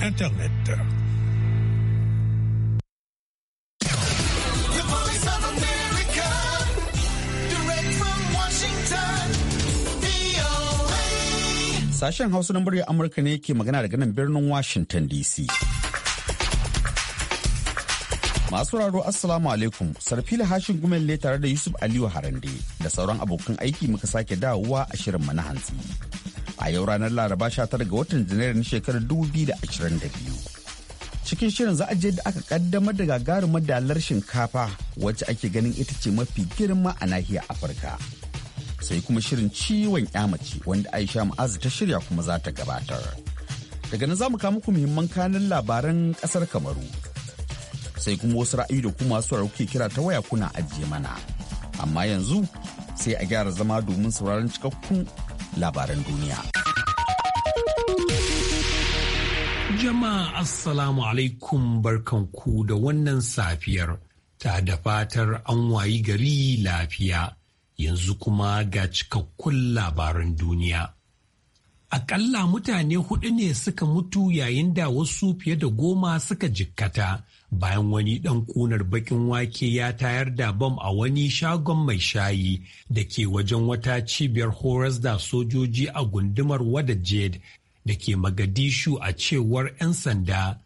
Internet. Sashen Hausa na murya Amurka ne ke magana daga nan birnin Washington DC. Masu raro Assalamu alaikum, Sarfila Hashin Gumel tare da Yusuf Aliyu Harande da sauran abokan aiki muka sake dawowa a shirin na hantsi. a yau ranar laraba 19 ga watan janairu na shekarar 2022 cikin shirin za a je da aka kaddamar da gagarumar dalar shinkafa wacce ake ganin ita ce mafi girma a nahiyar afirka sai kuma shirin ciwon mace wanda aisha ma'azu ta shirya kuma za ta gabatar daga nan za mu kawo muku muhimman kanin labaran kasar kamaru sai kuma wasu ra'ayi da kuma masu kuke kira ta waya kuna ajiye mana amma yanzu sai a gyara zama domin sauraron cikakkun labaran duniya. Jama'a Assalamu alaikum barkanku da wannan safiyar ta da fatar an wayi gari lafiya yanzu kuma ga cikakkun labaran duniya. Aƙalla mutane hudu ne suka mutu yayin da wasu fiye da goma suka jikkata bayan wani ɗan ƙunar baƙin wake ya tayar da bam a wani shagon mai shayi da ke wajen wata cibiyar horas da sojoji a gundumar wada jade da ke Magadishu a cewar 'yan sanda.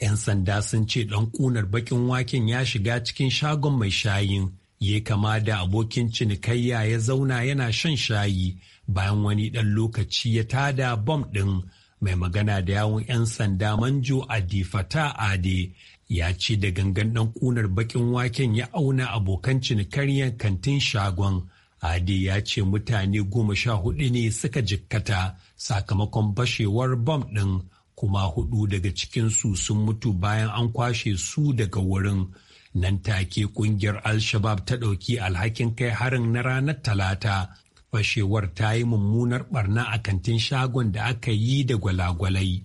'Yan sanda sun ce ɗan ƙunar baƙin waken ya shiga cikin shagon mai shayin, ya kama da abokin cinikayya ya zauna yana shan shayi bayan wani ɗan lokaci ya tada bom ɗin mai magana da yawun 'yan sanda manjo adifata ade ya ce da gangan ɗan ƙunar baƙin waken ya auna abokan cinikaryar kantin shagon. Adi ya ce mutane goma sha hudu ne suka jikkata sakamakon bashewar bom ɗin kuma hudu daga cikinsu sun mutu bayan an kwashe su daga wurin. Nan take kungiyar Al-Shabab ta ɗauki alhakin kai harin na ranar Talata. Fashewar ta yi mummunar barna a kantin shagon da aka yi da gwalagwalai.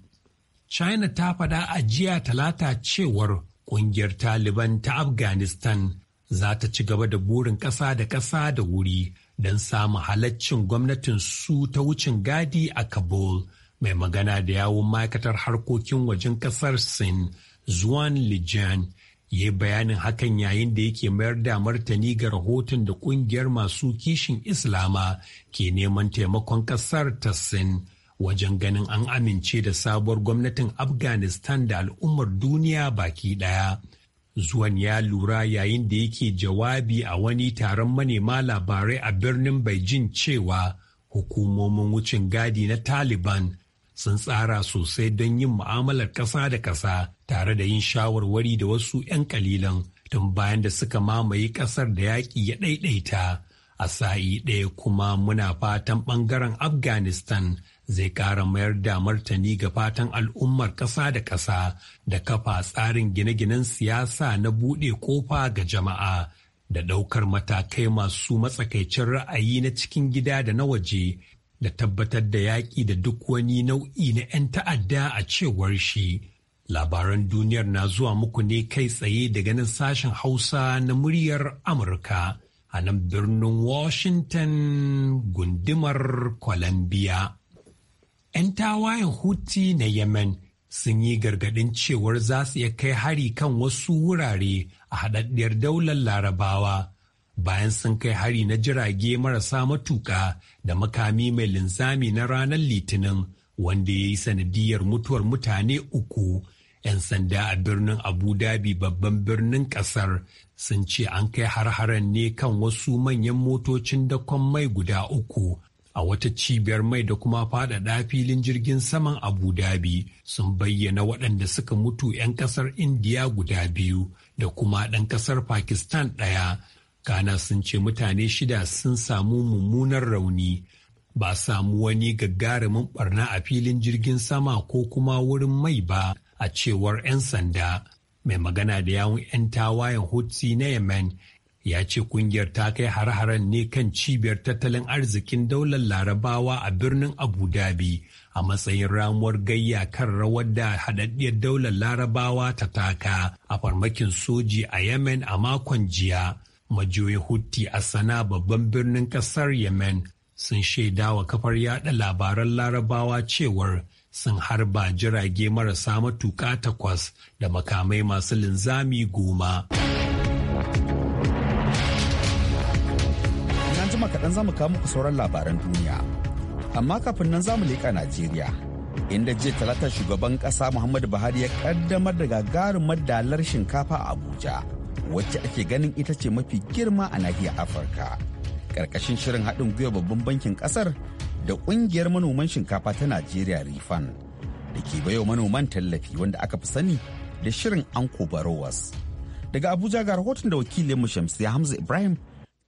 China ta faɗa ajiya Talata cewar kungiyar Taliban ta Afghanistan za ta ci gaba da burin ƙasa da ƙasa da wuri don samun halaccin gwamnatin su ta wucin gadi a Kabul mai magana da yawon ma'aikatar harkokin wajen ƙasar Sin zuwan lijan ya bayanin hakan yayin da yake mayar da martani ga rahoton da kungiyar masu kishin Islama ke neman taimakon ƙasar ta Sin wajen ganin an amince da sabuwar gwamnatin Afghanistan da al'ummar duniya baki ɗaya. Zuwan ya lura yayin da yake jawabi a wani taron manema labarai a birnin Beijing cewa hukumomin wucin gadi na Taliban sun tsara sosai don yin mu'amalar ƙasa da ƙasa tare da yin shawarwari da wasu 'yan kalilan tun bayan da suka mamaye ƙasar da yaƙi ya ɗaiɗaita. A sa'i ɗaya kuma muna fatan ɓangaren Afghanistan zai ƙara mayar da martani ga fatan al'ummar ƙasa da ƙasa da kafa tsarin gine-ginen siyasa na buɗe ƙofa ga jama'a da ɗaukar matakai masu matsakaicin ra'ayi na cikin gida da na waje da tabbatar da yaƙi da duk wani nau'i na 'yan ta'adda a cewar shi. Labaran duniyar na zuwa muku ne kai tsaye daga nan sashen Hausa na muryar Amurka a nan birnin Washington gundumar Columbia. 'Yan tawayen Huti na Yemen sun yi gargaɗin cewar za su iya kai hari kan wasu wurare a haɗaɗɗiyar daular larabawa bayan sun kai hari na jirage marasa matuƙa da makami mai linzami na ranar litinin wanda ya yi sanadiyar mutuwar mutane uku 'yan sanda a birnin abu dhabi babban birnin ƙasar sun ce an kai har-haren ne kan wasu manyan motocin dakon mai guda uku a wata cibiyar mai da kuma faɗaɗa filin jirgin saman Abu Dhabi sun bayyana waɗanda suka mutu 'yan ƙasar Indiya guda biyu da kuma ɗan ƙasar Pakistan ɗaya. Kana sun ce mutane shida sun samu mummunar rauni. Ba samu wani gagarumin barna a filin jirgin sama ko kuma wurin mai ba a cewar 'yan sanda. Mai magana da yawun 'yan tawayen Hutsi na Yemen ya ce kungiyar ta kai har-haren ne kan cibiyar tattalin arzikin daular larabawa a birnin abu dhabi a matsayin ramuwar gayya kan rawar da haɗaɗɗiyar daular larabawa ta taka a farmakin soji a yemen a makon jiya majiyoyin hutti a sana babban birnin ƙasar yemen sun shaidawa kafar yada labaran larabawa cewar sun harba jirage marasa matuƙa takwas da makamai masu linzami goma. kaɗan za mu kawo muku sauran labaran duniya. Amma kafin nan za mu leƙa Najeriya. Inda jiya talata shugaban ƙasa Muhammadu Buhari ya ƙaddamar da gagarumar dalar shinkafa a Abuja, wacce ake ganin ita ce mafi girma a nahiyar Afirka. Ƙarƙashin shirin haɗin gwiwa babban bankin ƙasar da ƙungiyar manoman shinkafa ta Najeriya Rifan. da ke baiwa manoman tallafi wanda aka fi sani da shirin anko barowas daga abuja ga rahoton da wakilinmu shamsiya hamza ibrahim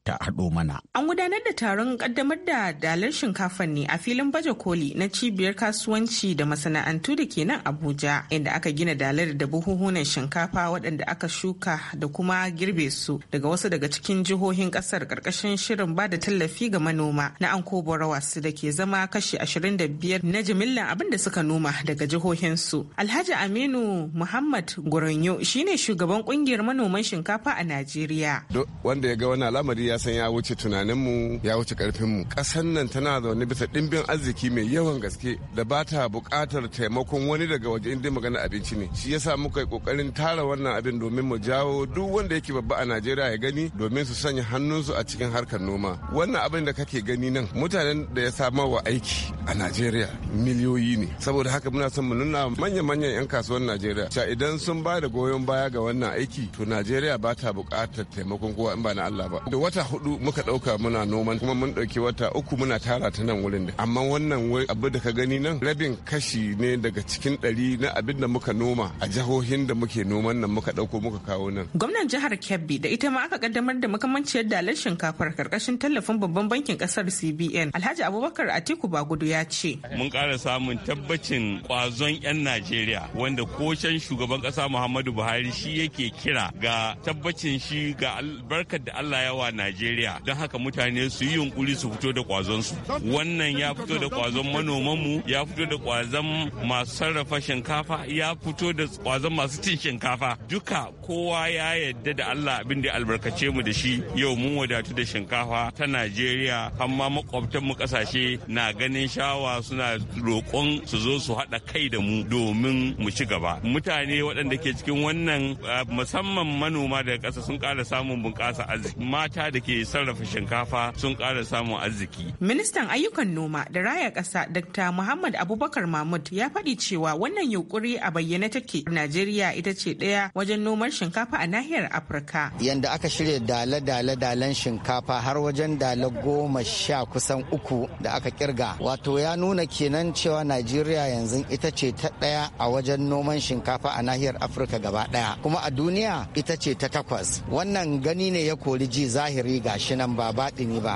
ta haɗo mana. An gudanar da taron ƙaddamar da dalar shinkafar ne a filin baje koli na cibiyar kasuwanci da masana'antu da ke nan Abuja inda aka gina dalar da buhuhunan shinkafa waɗanda aka shuka da kuma girbe su daga wasu daga cikin jihohin ƙasar ƙarƙashin shirin ba da tallafi ga manoma na anko borawas da ke zama kashi biyar na jimillan abin da suka noma daga jihohin su, Alhaji Aminu Muhammad Guranyo shine shugaban ƙungiyar manoman shinkafa a Najeriya. Wanda ya ga wani al'amari san ya wuce tunaninmu ya wuce karfinmu ƙasan nan tana zaune bisa ɗimbin arziki mai yawan gaske da ba ta buƙatar taimakon wani daga waje inda magana abinci ne shi yasa muka yi ƙoƙarin tara wannan abin domin mu jawo duk wanda yake babba a najeriya ya gani domin su sanya hannunsu a cikin harkar noma wannan abin da kake gani nan mutanen da ya sa mawa aiki a najeriya miliyoyi ne saboda haka muna son mu nuna manya-manyan 'yan kasuwar najeriya cewa idan sun ba da goyon baya ga wannan aiki to najeriya ba ta buƙatar taimakon kowa in ba na allah ba da wata hudu muka dauka muna noman kuma mun dauki wata uku muna tara ta nan wurin da. amma wannan wai abu da ka gani nan rabin kashi ne daga cikin dari na abin da muka noma a jihohin da muke noman nan muka dauko muka kawo nan gwamnan jihar kebbi da ita ma aka kaddamar da makamanciyar dalar shinkafar karkashin tallafin babban bankin kasar cbn alhaji abubakar atiku bagudu ya ce mun kara samun tabbacin kwazon yan najeriya wanda koshen shugaban kasa muhammadu buhari shi yake kira ga tabbacin shi ga albarkar da allah yawa najeriya Najeriya don haka mutane su yi yunkuri su fito da kwazon su wannan ya fito da kwazon manoman mu ya fito da kwazon masu sarrafa shinkafa ya fito da kwazon masu cin shinkafa duka kowa ya yadda da Allah abin da albarkace mu da shi yau mun wadatu da shinkafa ta Najeriya amma makwabtan mu kasashe na ganin shawa suna roƙon su zo su haɗa kai da mu domin mu ci gaba mutane waɗanda ke cikin wannan eh, musamman manoma daga ƙasa sun ƙara samun bunƙasa arziki mata da ke sarrafa shinkafa sun ƙara samun arziki. Ministan ayyukan noma da raya ƙasa Dr. Muhammad Abubakar Mahmud ya faɗi cewa wannan yunƙuri a bayyane take Najeriya ita ce ɗaya wajen noman shinkafa a nahiyar Afirka. Yanda aka shirya dale-dale dalen shinkafa har wajen dale goma sha kusan uku da aka kirga. Wato ya nuna kenan cewa Najeriya yanzu ita ce ta ɗaya a wajen noman shinkafa a nahiyar Afirka gaba ɗaya. Kuma a duniya ita ce ta takwas. Wannan gani ne ya kori ji zahiri al'amari gashi nan ba ba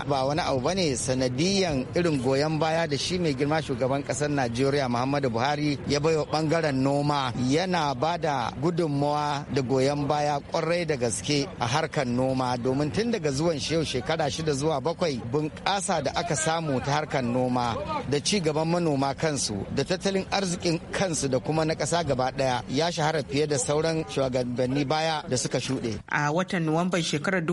ba wani abu bane sanadiyan irin goyon baya da shi mai girma shugaban ƙasar najeriya muhammadu buhari ya baiwa bangaren noma yana ba da gudunmawa da goyon baya kwarai da gaske a harkar noma domin tun daga zuwan shi yau shekara shida zuwa bakwai bunƙasa da aka samu ta harkar noma da ci gaban manoma kansu da tattalin arzikin kansu da kuma na ƙasa gaba ɗaya ya shahara fiye da sauran shugabanni baya da suka shuɗe. A watan Nuwamban shekarar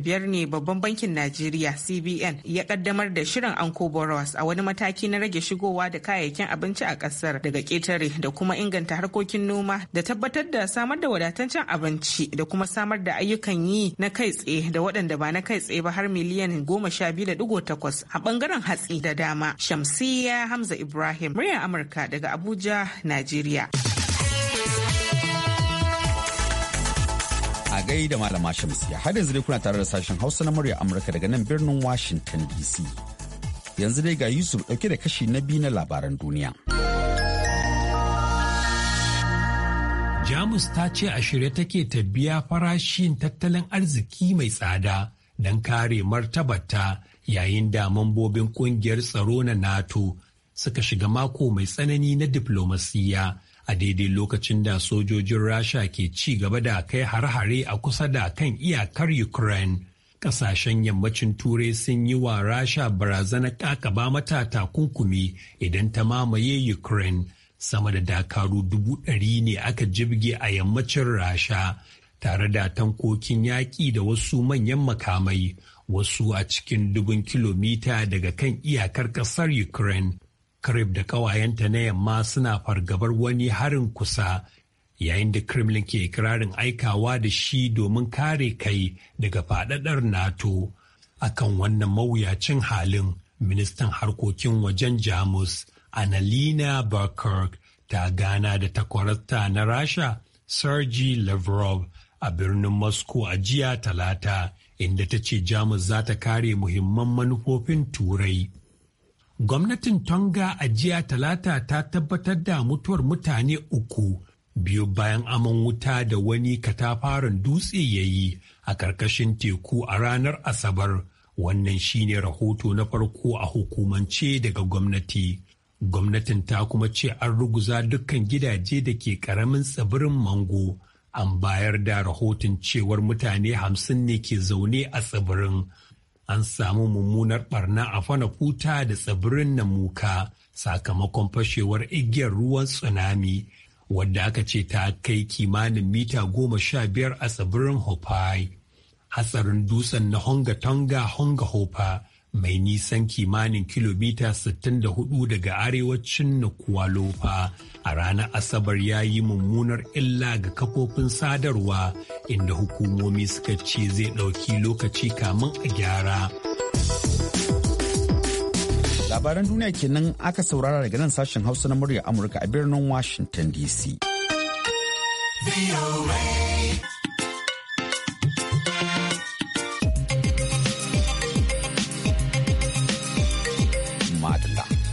biyar ne babban bankin Najeriya CBN ya kaddamar da shirin Anko Boros a wani mataki na rage shigowa da kayayyakin abinci a kasar daga ƙetare da kuma inganta harkokin noma da tabbatar da samar da wadataccen abinci da kuma samar da ayyukan yi na kai tsaye da waɗanda ba na kai tsaye ba har miliyan goma sha biyu da digo takwas a ɓangaren hatsi da dama. Shamsiya Hamza Ibrahim, muryar Amurka daga Abuja, Najeriya. gai da malama shamsiya har yanzu dai kuna tare da sashen hausa na murya amurka daga nan birnin washington dc yanzu dai ga yusuf dauke da kashi na biyu na labaran duniya jamus ta ce a shirye take ta biya farashin tattalin arziki mai tsada don kare martabarta yayin da mambobin kungiyar tsaro na nato suka shiga mako mai tsanani na diflomasiyya a daidai lokacin da sojojin rasha ke ci gaba da kai har-hare a kusa da kan iyakar ukraine Ƙasashen yammacin turai sun yi wa rasha barazanar ƙaƙaba mata takunkumi idan ta mamaye ukraine sama da dakaru dubu ɗari ne aka jibge a yammacin rasha tare da tankokin yaƙi da wasu manyan makamai wasu a cikin dubun kilomita daga kan iyakar ƙasar ukraine Krib da ƙawayenta na yamma suna fargabar wani harin kusa yayin da Kremlin ke ikirarin aikawa da shi domin kare kai daga faɗaɗar NATO. Akan wannan mawuyacin halin, ministan harkokin wajen Jamus, Annalena Baerbock ta gana da takwarasta na Rasha, Sergei Lavrov a birnin Moscow a jiya talata, inda ta ce Jamus za ta kare muhimman manufofin Turai. Gwamnatin Tonga a jiya talata ta tabbatar da mutuwar mutane uku biyu bayan aman wuta da wani katafaren dutse ya yi a ƙarƙashin teku a ranar Asabar. Wannan shine rahoto na farko a hukumance daga gwamnati. Gwamnatin ta kuma ce an ruguza dukkan gidaje da ke ƙaramin tsibirin Mango. An bayar da rahoton cewar mutane hamsin ne ke zaune a tsibirin. an samu mummunar barna a fana kuta da tsibirin muka sakamakon fashewar igiyar ruwan tsunami wadda aka ce ta kai kimanin mita goma sha biyar a tsibirin hopai hatsarin dutsen na honga tonga honga hopa mai nisan kimanin kilomita 64 daga arewacin na a ranar Asabar ya yi mummunar illa ga kafofin sadarwa inda hukumomi suka ce zai ɗauki lokaci kamun a gyara. Labaran duniya kenan aka saurara daga nan sashen Hausa na murya Amurka a birnin Washington DC.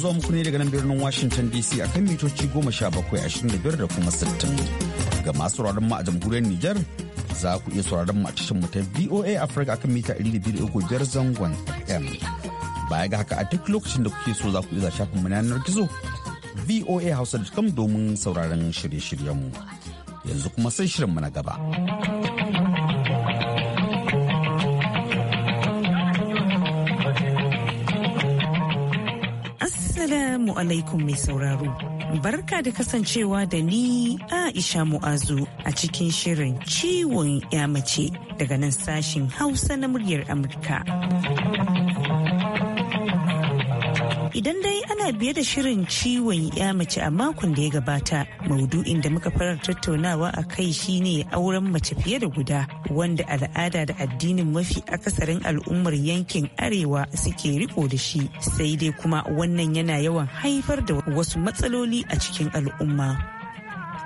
zuwa muku ne daga nan birnin Washington DC a kan mitoci 1725 da kuma 60. Ga masu sauraron mu a jamhuriyar Nijar za ku iya sauraron mu a tashar mu ta VOA Africa akan mita 200.5 zangon FM. Baya ga haka a duk lokacin da kuke so za ku iya shafin mu na yanar gizo voahausa.com domin sauraron shirye shiryen mu Yanzu kuma sai shirin mu na gaba. Assalamu alaikum mai sauraro. Barka da kasancewa da ni Aisha Mu'azu a cikin shirin ciwon ya mace daga nan sashin Hausa na muryar Amurka. Idan dai muna biye da shirin ciwon ya mace a makon da ya gabata maudu'in da muka fara tattaunawa a kai shine auren mace fiye da guda wanda al'ada da addinin mafi akasarin al'ummar yankin arewa suke riko da shi sai dai kuma wannan yana yawan haifar da wasu matsaloli a cikin al'umma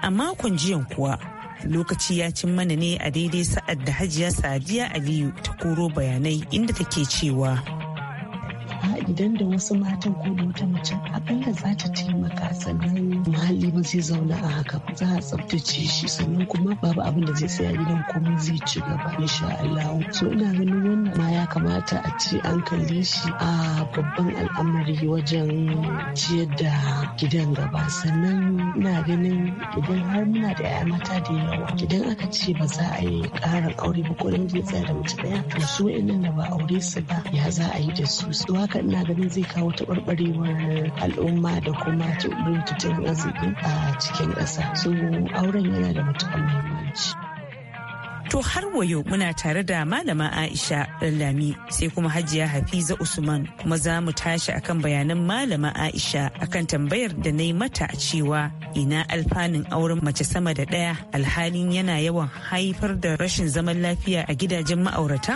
a makon jiyan kuwa lokaci ya cin mana ne a daidai sa'ad da hajiya sadiya aliyu ta koro bayanai inda take cewa idan da wasu matan ko da wata mace akalla za ta taimaka sannan muhalli ba zai zauna a haka ba za a tsabtace shi sannan kuma babu abin da zai tsaya gidan kuma zai ci gaba insha Allah so ina ganin wannan ma ya kamata a ce an kalle shi a babban al'amari wajen ciyar da gidan gaba sannan ina ganin idan har muna da 'ya'ya mata da yawa idan aka ce ba za a yi ƙarin aure ba ko zai tsaya da mace ɗaya to su da ba aure su ba ya za a yi da su su haka ina ganin zai kawo taɓarɓarewar al'umma da kuma tattalin arziki a cikin ƙasa so auren yana da matuƙar muhimmanci To har wayo muna tare da malama Aisha lallami sai kuma Hajiya Hafiza Usman kuma za mu tashi akan bayanan malama Aisha akan tambayar da na yi mata cewa ina alfanun auren mace sama da ɗaya alhalin yana yawan haifar da rashin zaman lafiya a gidajen ma'aurata?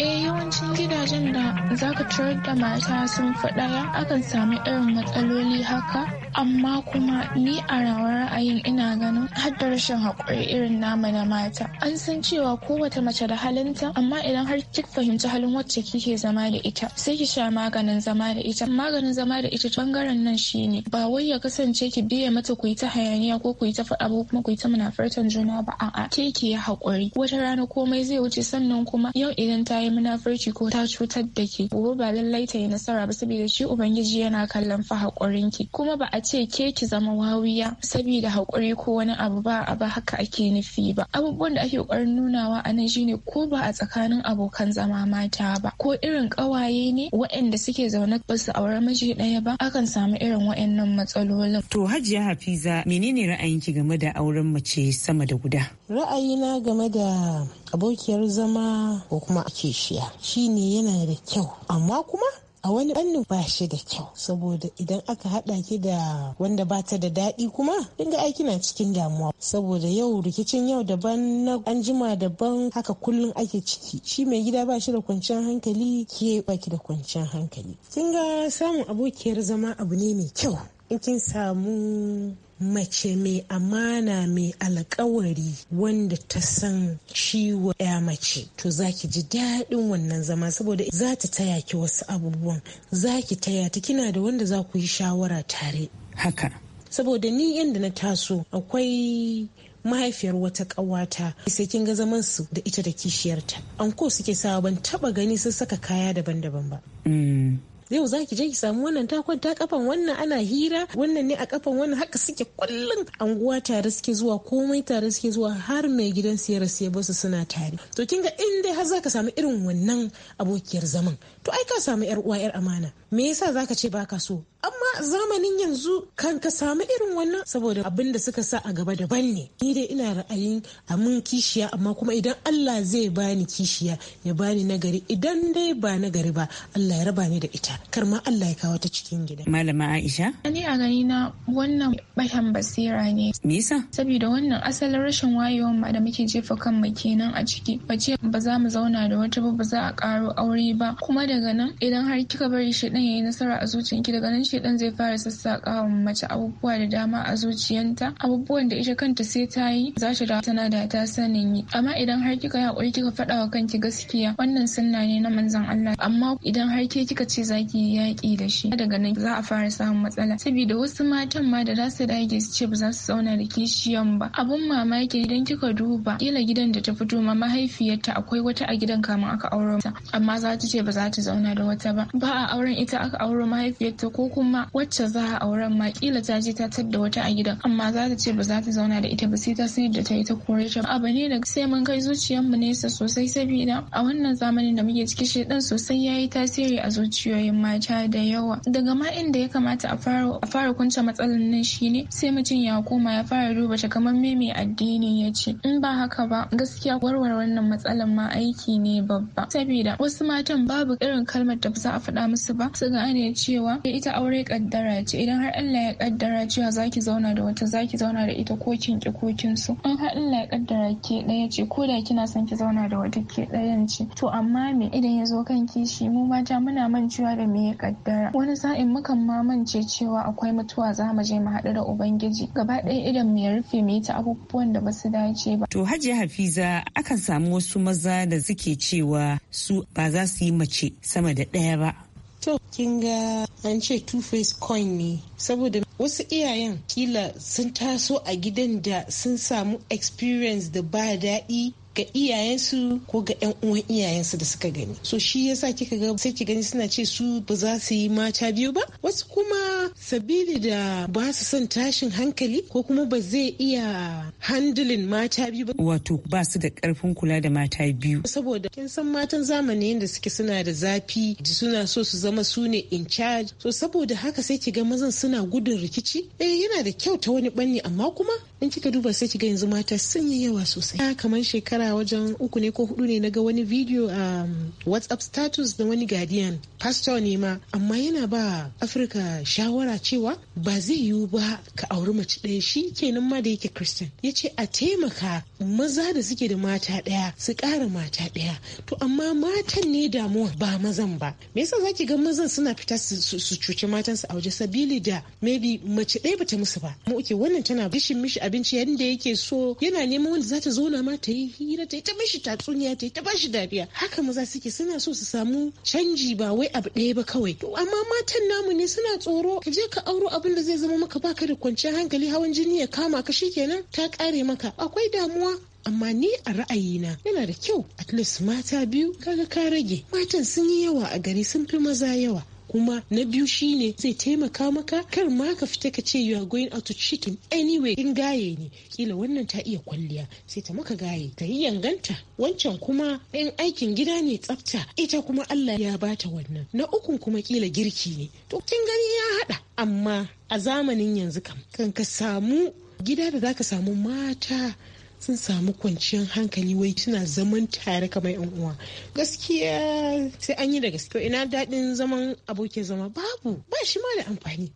eh yawancin gidajen da za ka da mata sun ya akan sami irin matsaloli haka amma kuma ni a rawar ra'ayin ina ganin har da rashin haƙuri irin nama na mata an san cewa kowace mace da halinta amma idan har kika fahimci halin wacce kike zama da ita sai ki sha maganin zama da ita maganin zama da ita bangaren nan shine ba wai ya kasance ki biye mata ku yi ta hayaniya ko ku yi ta faɗa ba kuma ku yi ta munafartan juna ba a'a ke ki yi haƙuri wata rana komai zai wuce sannan kuma yau idan ta yi munafurci ko ta cutar da ke gobe ba lallai ta yi nasara ba saboda shi ubangiji yana kallon fa haƙurin ki kuma ba a ce ke ki zama wawiya saboda haƙuri ko wani abu ba a ba haka ake nufi ba abubuwan da ake kokarin nunawa a nan shine ko ba a tsakanin abokan zama mata ba ko irin kawaye ne waɗanda suke zaune ba su aure miji ɗaya ba akan samu irin waɗannan matsalolin. To Hajiya Hafiza menene ra'ayin ki game da auren mace sama da guda? Ra'ayina game da abokiyar zama ko kuma kishiya shine yana da kyau amma kuma a wani bannin ba shi da kyau saboda idan aka hada ki da wanda ba ta da daɗi kuma dinga aiki na cikin damuwa saboda yau rikicin yau daban na anjima daban haka kullum ake ciki shi mai gida ba shi da kwanciyar hankali ke baki da kwanciyar hankali kin ga samun abokiyar zama abu ne mai kyau in kin samu mace mai amana mai alkawari wanda ta san ciwo ya mace to zaki ji daɗin wannan zama saboda za ta taya ki wasu abubuwan za ki taya ta kina da wanda za ku yi shawara tare haka saboda ni inda na taso akwai mahaifiyar wata ƙawata sai kin ga zaman su da ita da kishiyarta anko suke sawa ban taba gani sun saka kaya daban-daban ba mm. yau zaki je ki samu wannan ta kwanta kafan wannan ana hira wannan ne a kafan wannan haka suke kullum anguwa tare suke zuwa komai tare suke zuwa har mai gidan siyar siya basu suna tare to kin ga in dai har za ka samu irin wannan abokiyar zaman to ai ka samu yar uwa yar amana me yasa zaka ce baka so amma zamanin yanzu kan ka samu irin wannan saboda abin da suka sa a gaba daban ne ni dai ina ra'ayin amin kishiya amma kuma idan Allah zai bani kishiya ya bani nagari idan dai ba nagari ba Allah ya raba ni da ita kar ma Allah ya kawo ta cikin gida malama Aisha ni a gani na wannan batan basira ne me yasa saboda wannan asalin rashin wayewar ma da muke jefa kan mu kenan a ciki ba ce ba za mu zauna da wata ba ba za a karo aure ba kuma daga nan idan har kika bari shi ya yi nasara a zuciyanki daga nan dan zai fara sassaƙa wa mace abubuwa da dama a zuciyanta abubuwan da ita kanta sai ta yi za shi da tana da ta sanin yi amma idan har kika yi haƙuri kika faɗa wa kanki gaskiya wannan sunna ne na manzon Allah amma idan har ke kika ce zaki yi yaƙi da shi daga nan za a fara samun matsala saboda wasu matan ma da za su dage su ce ba za su zauna da kishiyan ba abun mamaki idan kika duba kila gidan da ta fito ma mahaifiyarta akwai wata a gidan kamin aka aure mata amma za ta ce ba za ta zauna da wata ba ba a auren ita ita aka auro mahaifiyarta ko kuma wacce za a auren ma kila ta je ta tadda wata a gidan amma za ta ce ba za ta zauna da ita ba sai ta sayar da ta yi ta kore ta abu ne da sai mun kai zuciyarmu nesa sosai saboda a wannan zamanin da muke ciki shi dan sosai ya yi tasiri a zuciyoyin mata da yawa daga ma inda ya kamata a fara a fara kunce matsalar nan shine sai mutum ya koma ya fara duba ta kamar me mai addini ya ce in ba haka ba gaskiya warware wannan matsalar ma aiki ne babba saboda wasu matan babu irin kalmar da ba za a faɗa musu ba su gane cewa ita aure kaddara ce idan har Allah ya kaddara cewa zaki zauna da wata zaki zauna da ita ko kin ki ko kin so in har Allah ya kaddara ke daya ce ko da kina son ki zauna da wata ke dayan ce to amma me idan ya zo kan kishi mu ma mata muna mancewa da me ya kaddara wani sa'in mukan ma mance cewa akwai mutuwa za mu je mu haɗu da ubangiji gaba ɗaya idan mu ya rufe mai ta abubuwan da basu dace ba to Hajji hafiza akan samu wasu maza da suke cewa su ba za su yi mace sama da ɗaya ba to kin ga an ce two face coin ne saboda wasu iyayen kila sun taso a gidan da sun samu experience da ba daɗi ga iyayensu ko ga yan uwan iyayensu da suka gani so shi yasa kika ga sai ki gani suna ce su ba za su yi mata biyu ba wasu kuma sabili da ba su son tashin hankali ko kuma ba zai iya handilin mata biyu ba wato ba su da karfin kula da mata biyu saboda kin san matan zamani da suke suna da zafi suna so su zama su ne in charge so saboda haka sai ki ga mazan suna gudun rikici eh yana da kyau ta wani banni amma kuma in kika duba sai ki ga yanzu mata sun yi yawa sosai kamar shekara shekara wajen uku ne ko hudu ne naga wani video a um, whatsapp status da wani guardian pastor ne ma amma yana ba afirka shawara cewa ba zai yiwu ba ka auri mace ɗaya shi kenan ma da yake christian ya ce a taimaka maza da suke da mata ɗaya su ƙara mata ɗaya to amma matan ne damuwa ba mazan ba me yasa zaki ga mazan suna fita su cuci matansu a waje sabili da maybe mace ɗaya bata musu ba mu uke wannan tana bishin mishi abinci yadda yake so yana neman wanda zata zauna ma ta yi hira ta yi ta mishi tatsuniya ta yi ta bashi dariya haka maza suke suna so su samu canji ba wai abu ɗaya ba kawai to amma matan namu ne suna tsoro ka je ka auro abin da zai zama maka baka da kwanciyar hankali hawan jini ya kama ka kenan ta kare maka akwai damuwa amma ni a ra'ayina yana da kyau at least mata biyu kaga ka rage matan sun yi yawa a gari sun fi maza yawa kuma na biyu shine zai taimaka maka kar ma ka fita ka ce you are going out to cheat in anyway in gaye ne kila wannan ta iya kwalliya sai ta maka gaye ta yi yanganta wancan kuma in aikin gida ne tsafta ita kuma Allah ya bata wannan na ukun kuma kila girki ne to kin gani ya hada amma a zamanin yanzu kam kan ka samu gida da zaka samu mata sun samu kwanciyar hankali wai suna zaman tare kamar yan uwa gaskiya sai an yi da gaske ina daɗin zaman abokin zama babu ba shi ma da amfani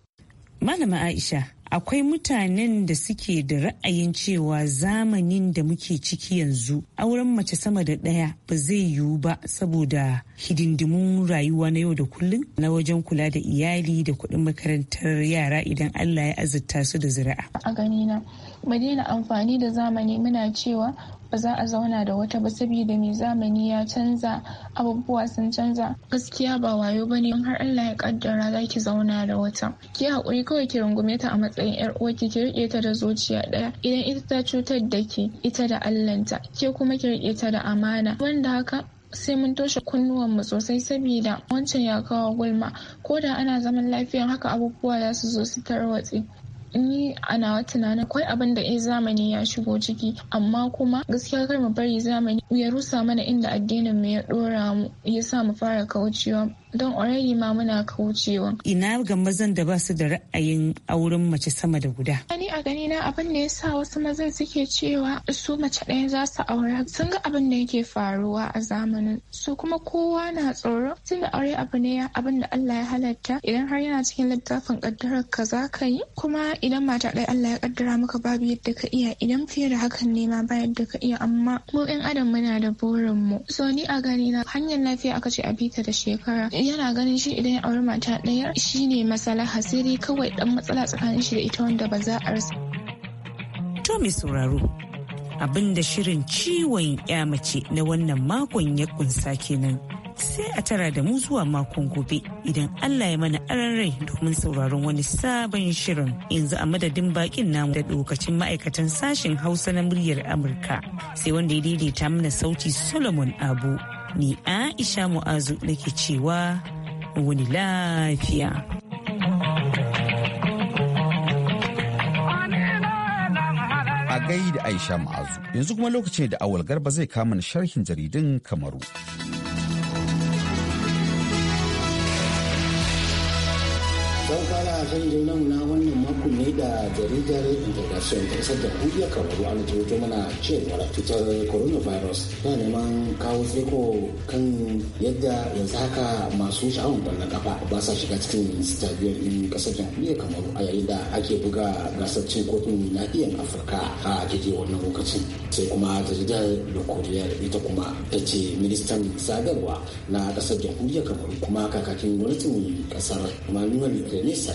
Malama Aisha, akwai mutanen da suke da ra'ayin cewa zamanin da muke ciki yanzu auren mace sama da ɗaya ba zai yiwu ba saboda hidindimun rayuwa na yau da kullun. na wajen kula da iyali da kuɗin makarantar yara idan Allah ya azurta su da zira'a. A ganina, madina mu daina amfani da zamani muna cewa ba za a zauna da wata ba saboda mai zamani ya canza abubuwa sun canza gaskiya ba wayo ba ne har Allah ya kaddara za ki zauna da wata ki hakuri kawai ki rungume ta a matsayin yar uwarki ki riƙe ta da zuciya ɗaya idan ita ta cutar da ke ita da Allahnta ke kuma ki riƙe ta da amana wanda haka sai mun toshe kunnuwanmu sosai saboda wancan ya kawo gulma ko da ana zaman lafiya haka abubuwa za su zo su tarwatse ni a ana tunanin kwai abin da in eh, zamani ya shigo ciki amma kuma gaskiya kar mu bari zamani ya rusa mana inda addinin mu ya dora mu ya sa mu fara kaucewa don already ma muna kaucewa. Ina ga mazan da ba su da ra'ayin auren mace sama da guda. Ni a gani na abin da ya sa wasu mazan suke cewa su mace ɗaya za su aura sun ga abin da yake faruwa a zamanin su kuma kowa na tsoro tun da aure abu ne abin da Allah ya halatta idan har yana cikin littafin kaddarar ka za ka yi kuma idan mata ɗaya Allah ya kaddara maka babu yadda ka iya idan fiye da hakan ne ma ba yadda ka iya amma mu ɗan adam muna da burin mu so ni a gani na hanyar lafiya aka ce a bita da shekara yana ganin shi idan ya auri mata ɗaya shine matsalar sai kawai dan matsala tsakanin shi da ita wanda ba za a rasa. To mai sauraro abinda shirin ciwon ya mace na wannan makon ya kunsa kenan. sai a tara da mu zuwa makon gobe idan Allah ya mana aran rai domin sauraron wani sabon shirin yanzu a madadin bakin namu da lokacin ma'aikatan sashen hausa na muryar amurka sai wanda ya daidaita mana sauti solomon abu ni aisha mu'azu nake cewa wani lafiya a gai da aisha ma'azu yanzu kuma lokacin da awal garba zai kama sharhin jaridun kamaru zan zauna na wannan makon ne da jaridar Integration ta isar da kuɗi a kamaru an rubuto mana korona cutar coronavirus ta neman kawo tseko kan yadda yanzu haka masu sha'awar kwallon kafa ba sa shiga cikin stadium ɗin ƙasar jamhuriyar kamar a yayin da ake buga gasar cin kofin nahiyar afirka a daidai wannan lokacin sai kuma jaridar da ita kuma ta ce ministan sadarwa na ƙasar jamhuriyar kamar kuma kakakin gwamnatin ƙasar manuel renesa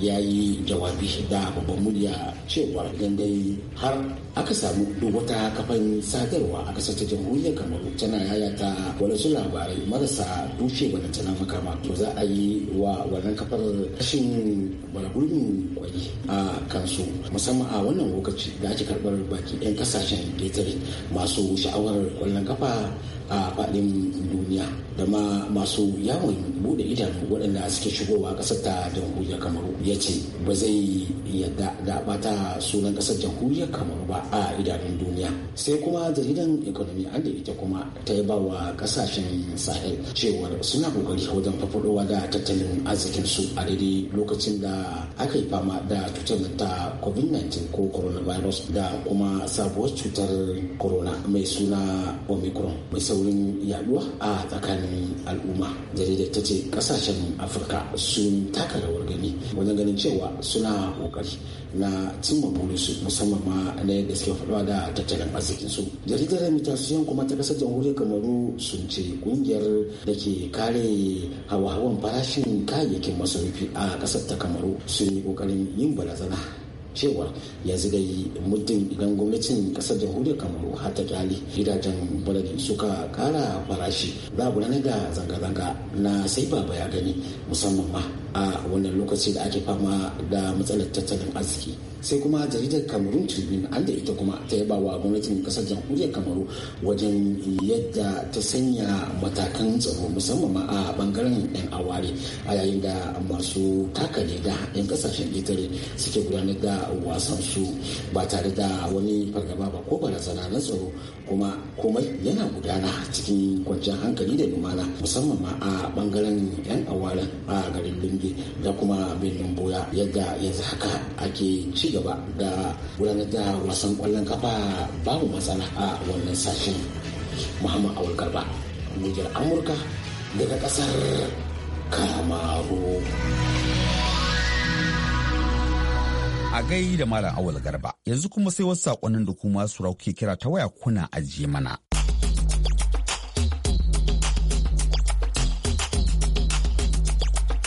ya yi jawabi da babban murya cewa idan dai har aka samu wata kafan sadarwa a kasar ta jamhuriyar kamaru tana yayata wadansu labarai marasa dushe wadanta tana makama to za a yi wa wannan kafar rashin baragurmin kwari a kansu musamman a wannan lokaci da ake karbar baki 'yan kasashen ƙetare masu sha'awar kwallon kafa a faɗin duniya da ma masu yawon bude idanu waɗanda suke shigowa ƙasar ta jamhuriyar kamaru ya ce ba zai yadda da ɓata sunan kasar jamhuriyar kamar ba a idanun duniya sai kuma jaridan economy an da ita kuma ta yi bawa kasashen sahel cewar suna kokari wajen farfadowa da tattalin arzikin su a daidai lokacin da aka yi fama da cutar ta covid-19 ko coronavirus da kuma sabuwar cutar corona mai suna omicron mai saurin yaduwa a tsakanin al'umma jaridar ta ce kasashen afirka sun taka rawar gani wajen na ganin cewa suna kokari na cimma burinsu musamman ma na yadda suke faɗuwa da tattalin arzikin su jaridar mitasiyon kuma ta kasar jamhuriyar kamaru sun ce kungiyar da ke kare hawa-hawan farashin kayayyakin masarufi a kasar ta kamaru sun yi kokarin yin barazana cewa yanzu yi muddin idan gwamnatin kasar jamhuriyar kamaru har ta kyali gidajen baladi suka kara farashi za a gudanar da zanga-zanga na sai baba ya gani musamman ma a wannan lokaci da ake fama da matsalar tattalin arziki sai kuma jaridar cameroon tribune an da ita kuma ta yaba wa gwamnatin kasar jamhuriyar kamaru wajen yadda ta sanya matakan tsaro musamman ma a bangaren yan aware a yayin da masu taka da yan kasashen itare suke gudanar da wasan su ba tare da wani fargaba ba ko barazana na tsaro kuma komai yana gudana cikin kwanciyar hankali da lumana musamman ma a bangaren yan awaren a garin lungi da kuma birnin boya yadda yanzu haka ake ci gaba da gudanar da wasan kwallon kafa babu matsala a wannan sashen muhammad awul garba amurka daga kasar kamaru a gai da malam awul garba yanzu kuma sai wasu saƙonin da kuma su kuke kira ta waya kuna ajiye mana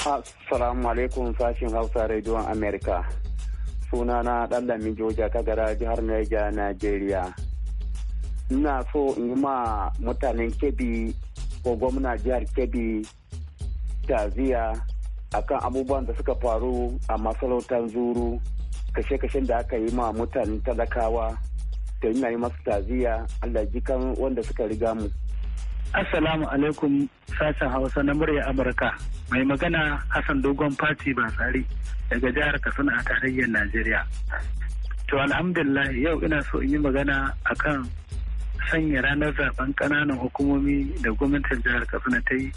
Assalamu alaikum sashin Hausa Rediyon Amerika. suna na ɗallami joja gara jihar Niger Najeriya. Ina so in yi ma mutanen Kebbi ko gwamna jihar Kebbi taziya akan abubuwan da suka faru a masarautar zuru kashe-kashen da aka yi ma mutanen talakawa da ina yi masu taziya Allah jikan wanda suka riga mu Assalamu alaikum sashen Hausa na murya Amurka. Mai magana Hassan Dogon Fati tsari daga jihar Katsina a tarayyar Najeriya. To alhamdulillah yau ina so in yi magana akan sanya ranar zaben kananan hukumomi da gwamnatin jihar Katsina ta yi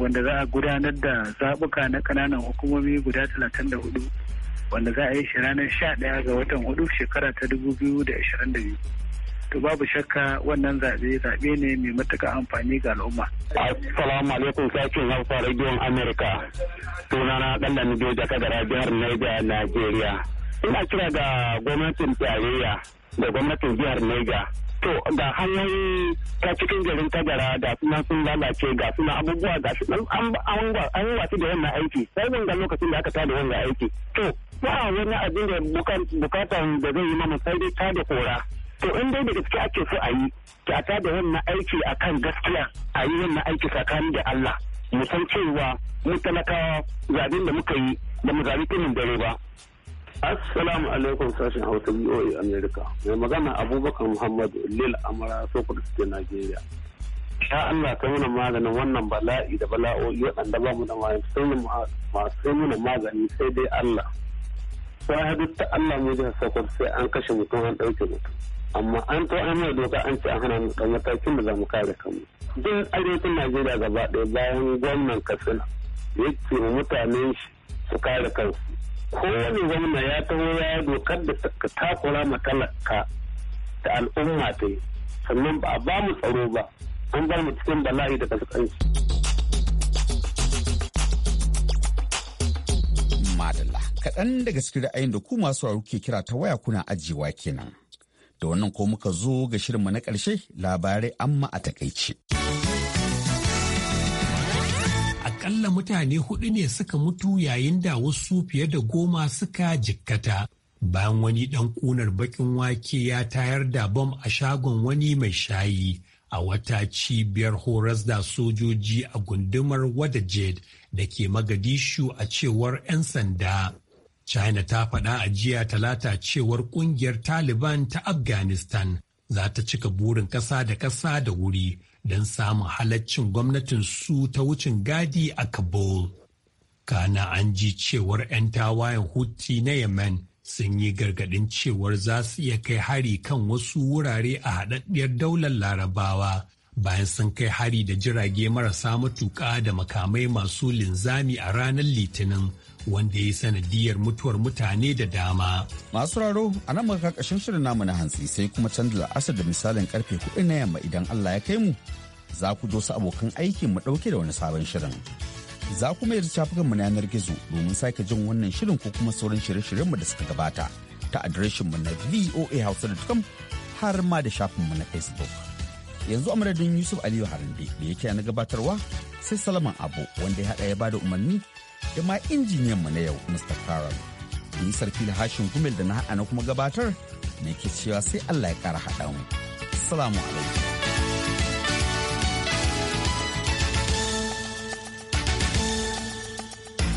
wanda za a gudanar da zabuka na kananan hukumomi guda 34 wanda za a yi shi ranar 11 ga watan hudu shekara ta 2022. to babu shakka wannan zaɓe zaɓe ne mai matuƙa amfani ga al'umma. Assalamu alaikum sakin hausa rediyon Amerika. Sunana ɗan da Nijo Jakadara jihar Niger, Najeriya. Ina kira ga gwamnatin tarayya da gwamnatin jihar Niger. To ga hanyoyi ta cikin garin Kadara ga suna sun lalace ga suna abubuwa ga su an wasu da wannan aiki sai zan ga lokacin da aka tada wannan aiki. To ba wani abin da bukatan da zai yi mamu sai dai tada kora. to in dai da gaske ake so a yi ta da wannan aiki a kan gaskiya a yi wannan aiki tsakanin da Allah mu san cewa mu talakawa zaben da muka yi da mu zabi kunin dare ba Assalamu alaikum sashen Hausa BOA America. Mai magana Abubakar Muhammad Lil Amara Sokoto State Nigeria. Ya Allah ta muna maganin wannan bala'i da bala'o'i waɗanda ba mu da masu muna magani sai dai Allah. Sai hadu ta Allah mu da Sokoto sai an kashe mutum an ɗauke mutum. amma an to an yi doka an ce a hana mu kan matakin da za mu kare kanmu duk arewacin najeriya gaba ɗaya bayan gwamnan katsina yake mutanen shi su kare kansu kowane gwamna ya taho ya dokar da ta takura ma talaka da al'umma ta yi sannan ba a ba mu tsaro ba an ba mu cikin bala'i da kaskanci. Madalla kaɗan daga cikin ra'ayin da ku masu ke kira ta waya kuna ajiyewa kenan. Da wannan ko muka zo ga shirinmu na ƙarshe labarai amma a takaice. Aƙalla mutane hudu ne suka mutu yayin da wasu fiye da goma suka jikkata. Bayan wani ɗan ƙunar baƙin wake ya tayar da bom a shagon wani mai shayi a wata cibiyar horas da sojoji a gundumar Wadajed da ke Magadishu a cewar 'yan sanda. China ta faɗa a jiya talata cewar ƙungiyar Taliban ta Afghanistan za ta cika burin ƙasa da ƙasa da wuri don samun halaccin gwamnatin su ta wucin gadi a Kabul. Kana an ji cewar 'yan tawayen Houthi na Yemen sun yi gargaɗin cewar za su iya kai hari kan wasu wurare a haɗaɗɗiyar daular larabawa bayan sun kai hari da jirage marasa matuƙa da makamai masu linzami a ranar litinin wanda ya yi sanadiyar mutuwar mutane da dama. Masu raro a nan muka kakashin shirin namu na hantsi sai kuma canza la'asar da misalin karfe kuɗi na yamma idan Allah ya kai mu za ku su abokan aiki mu ɗauke da wani sabon shirin. Za ku mayar shafukan mu na yanar gizo domin sake jin wannan shirin ko kuma sauran shirye-shiryen mu da suka gabata ta adireshin mu na voahausa.com har ma da shafin mu na Facebook. Yanzu a madadin Yusuf Aliyu Harande da yake na gabatarwa sai Salaman Abu wanda ya haɗa ya bada umarni da ma injiniyan mu na yau Mr. Karam. Ni sarki da hashin gumel da na haɗa na kuma gabatar ne ke cewa sai Allah ya ƙara haɗa mu. Salamu alaikum.